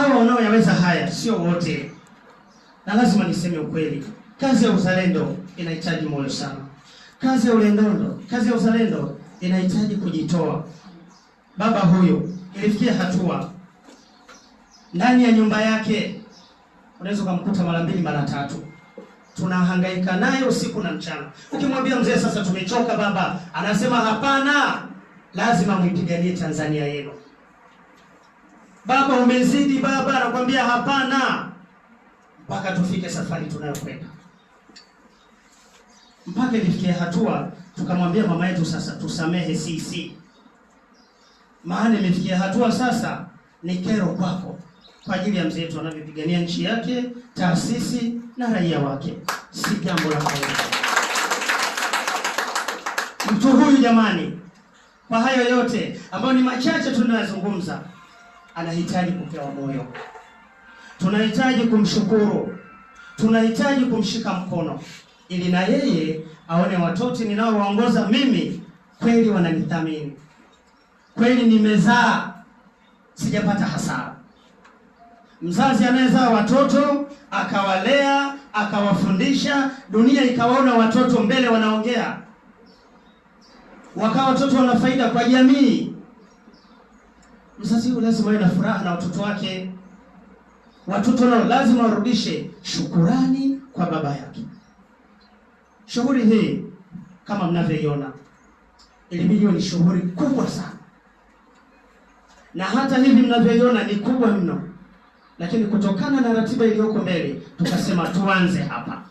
hawa wanaoyaweza haya sio wote, na lazima niseme ukweli. Kazi ya uzalendo inahitaji moyo sana, kazi ya ulendondo, kazi ya uzalendo inahitaji kujitoa. Baba huyu ilifikia hatua ndani ya nyumba yake unaweza ukamkuta mara mbili mara tatu, tunahangaika naye usiku na mchana. Ukimwambia mzee, sasa tumechoka baba, anasema hapana, lazima mwipiganie Tanzania yenu baba umezidi baba, anakwambia hapana, mpaka tufike safari tunayokwenda, mpaka ifikie hatua tukamwambia mama yetu sasa, tusamehe sisi, maana imefikia hatua sasa ni kero kwako, kwa ajili ya mzee wetu anavyopigania nchi yake, taasisi na raia wake, si jambo la kawaida. Mtu huyu jamani, kwa hayo yote ambayo ni machache tunayozungumza anahitaji kupewa moyo, tunahitaji kumshukuru, tunahitaji kumshika mkono ili na yeye aone watoto ninaowaongoza mimi kweli wananithamini, kweli nimezaa, sijapata hasara. Mzazi anayezaa watoto akawalea akawafundisha, dunia ikawaona watoto mbele, wanaongea, wakawa watoto wana faida kwa jamii mzazi lazima awe na furaha na watoto wake. Watoto nao lazima warudishe shukurani kwa baba yake. Shughuli hii kama mnavyoiona, ilibidiwa ni shughuli kubwa sana, na hata hivi mnavyoiona ni kubwa mno, lakini kutokana na ratiba iliyoko mbele tukasema tuanze hapa,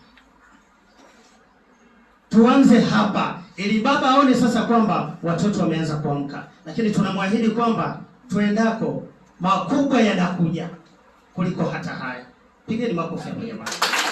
tuanze hapa ili baba aone sasa kwamba watoto wameanza kuamka, lakini tunamwahidi kwamba tuendako makubwa yanakuja kuliko hata haya. Pigeni makofi ya Bwana.